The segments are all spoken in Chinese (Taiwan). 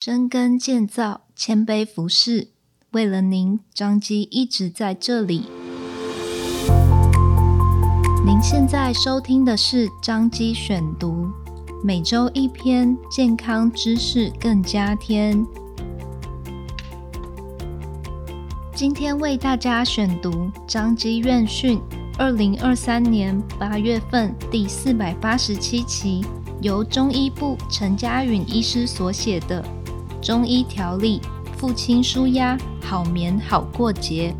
深耕建造，謙卑服侍。為了您，彰基一直在這裡。您現在收聽的是彰基選讀，每周一篇健康知識，更加添。今天為大家選讀彰基院訊二零二三年八月份第四百八十七期。由中醫部陳嘉允醫師所寫的《中醫調理》，父親舒壓，好眠，好過節。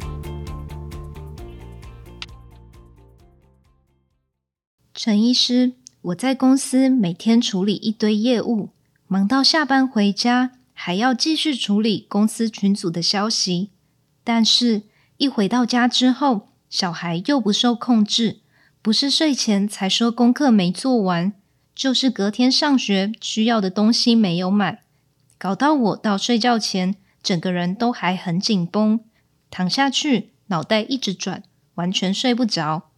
陳醫師，我在公司每天處理一堆業務，忙到下班回家還要繼續處理公司群組的消息。但是，一回到家之後，小孩又不受控制，不是睡前才說功課沒做完。就是隔天上學需要的東西沒有買，搞到我到睡覺前整個人都還很緊繃，躺下去腦袋一直轉，完全睡不着。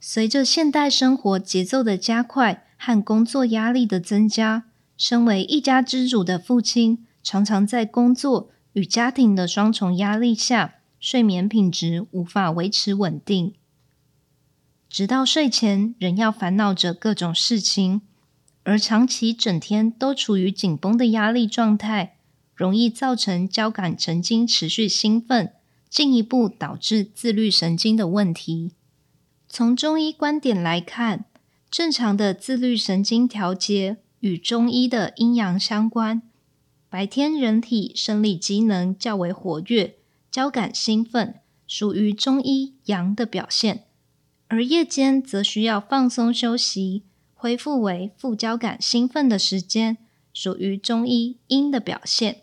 隨着現代生活節奏的加快和工作壓力的增加，身為一家之主的父親，常常在工作與家庭的雙重壓力下，睡眠品質無法維持穩定。直到睡前仍要煩惱着各種事情，而長期整天都處於緊繃的壓力狀態，容易造成交感神經持續興奮，進一步導致自律神經的問題。從中醫觀點來看，正常的自律神經調節與中醫的陰陽相關。白天人體生理機能較為活躍，交感興奮屬於中醫陽的表現。而夜間則需要放鬆休息，恢復為副交感興奮的時間，屬於中醫陰的表現。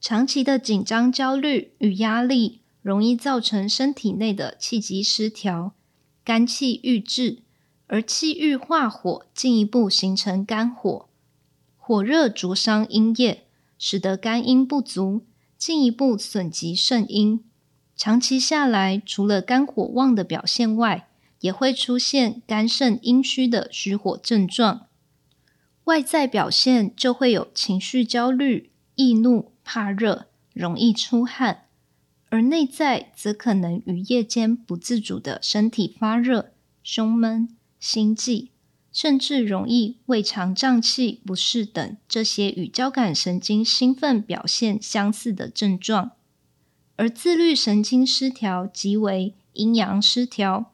長期的緊張、焦慮與壓力，容易造成身體內的氣機失調，肝氣鬱滯，而氣鬱化火，進一步形成肝火，火熱灼傷陰液，使得肝陰不足，進一步損及腎陰。長期下來，除了肝火旺的表現外，也會出現肝腎陰虛的虛火症狀。外在表現就會有情緒焦慮、易怒、怕熱、容易出汗；而內在則可能於夜間不自主的身體發熱、胸悶、心悸，甚至容易胃腸脹氣不適等，這些與交感神經興奮表現相似的症狀。而自律神經失調即為陰陽失調，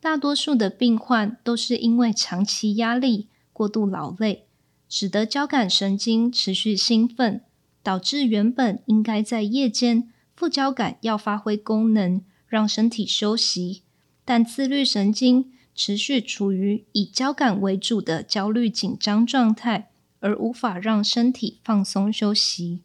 大多數的病患都是因為長期壓力、過度勞累，使得交感神經持續興奮，導致原本應該在夜間副交感要發揮功能，讓身體休息，但自律神經持續處於以交感為主的焦慮緊張狀態，而無法讓身體放鬆休息。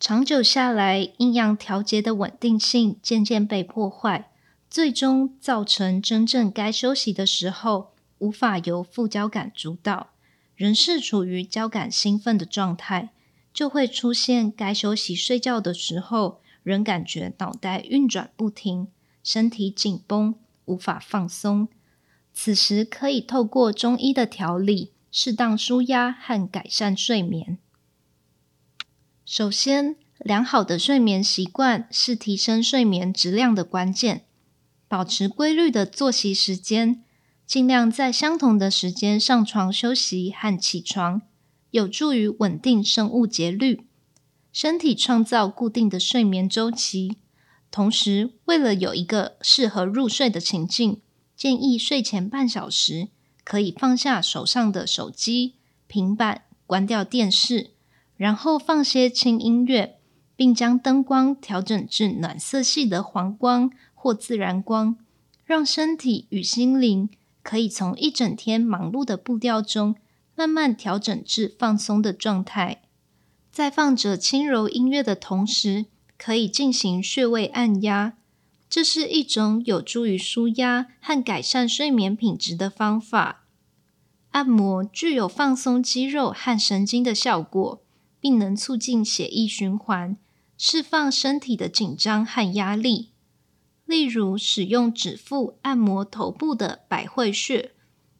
長久下來，陰陽調節的穩定性漸漸被破壞，最終造成真正該休息的時候，無法由副交感主導，仍是處於交感興奮的狀態，就會出現該休息睡覺的時候，仍感覺腦袋運轉不停，身體緊繃，無法放鬆。此時可以透過中醫的調理，適當舒壓和改善睡眠。首先，良好的睡眠習慣是提升睡眠質量的關鍵。保持規律的作息時間，儘量在相同的時間上床休息和起床，有助於穩定生物節律，身體創造固定的睡眠週期。同時，為了有一個適合入睡的情境，建議睡前半小時可以放下手上的手機、平板，關掉電視。然後放些輕音樂，並將燈光調整至暖色系的黃光或自然光，讓身體與心靈可以從一整天忙碌的步調中慢慢調整至放鬆的狀態。在放着輕柔音樂的同時，可以進行穴位按壓，這是一種有助於舒壓和改善睡眠品質的方法。按摩具有放鬆肌肉和神經的效果。並能促進血液循環，釋放身體的緊張和壓力。例如，使用指腹按摩頭部的百會穴、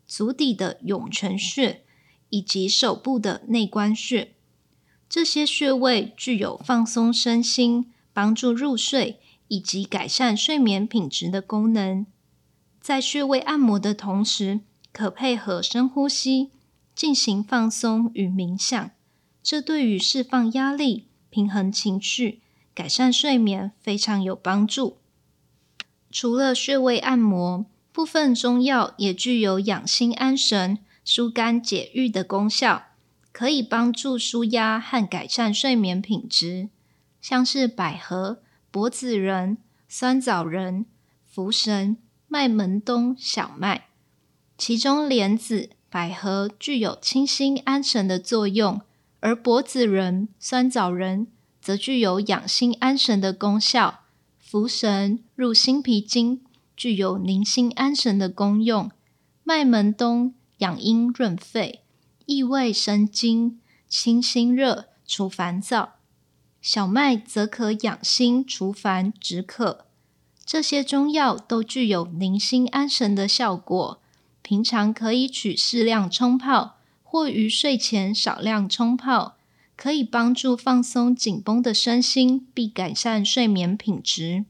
足底的湧泉穴以及手部的內關穴，這些穴位具有放鬆身心、幫助入睡以及改善睡眠品質的功能。在穴位按摩的同時，可配合深呼吸進行放鬆與冥想。這對於釋放壓力、平衡情緒、改善睡眠非常有幫助。除了穴位按摩，部分中藥也具有養心安神、疏肝解鬱的功效，可以幫助舒壓和改善睡眠品質。像是百合、柏子仁、酸棗仁、茯神、麥門冬、小麥，其中蓮子、百合具有清心安神的作用。而柏子仁、酸棗仁則具有養心安神的功效，茯神入心脾經，具有寧心安神的功用；麥門冬養陰潤肺，益胃生津，清心熱，除煩躁；小麥則可養心，除煩，止渴。這些中藥都具有寧心安神的效果，平常可以取適量沖泡。或於睡前少量沖泡，可以幫助放鬆緊繃的身心，並改善睡眠品質。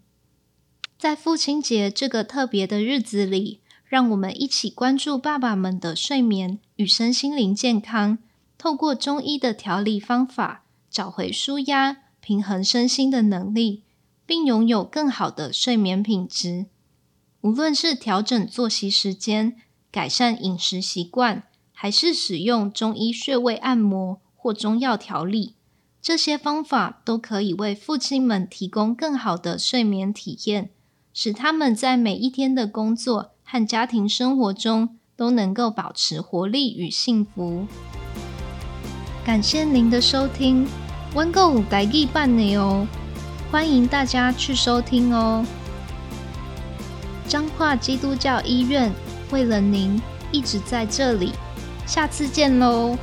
在父親節這個特別的日子裡，讓我們一起關注爸爸們的睡眠與身心靈健康，透過中醫的調理方法，找回舒壓、平衡身心的能力，並擁有更好的睡眠品質。無論是調整作息時間，改善飲食習慣，還是使用中醫穴位按摩或中藥調理，這些方法都可以為父親們提供更好的睡眠體驗，使他們在每一天的工作和家庭生活中都能夠保持活力與幸福。感謝您的收聽，我們還有台語版的哦，歡迎大家去收聽哦。彰化基督教醫院為了您一直在這裡。下次見嘍。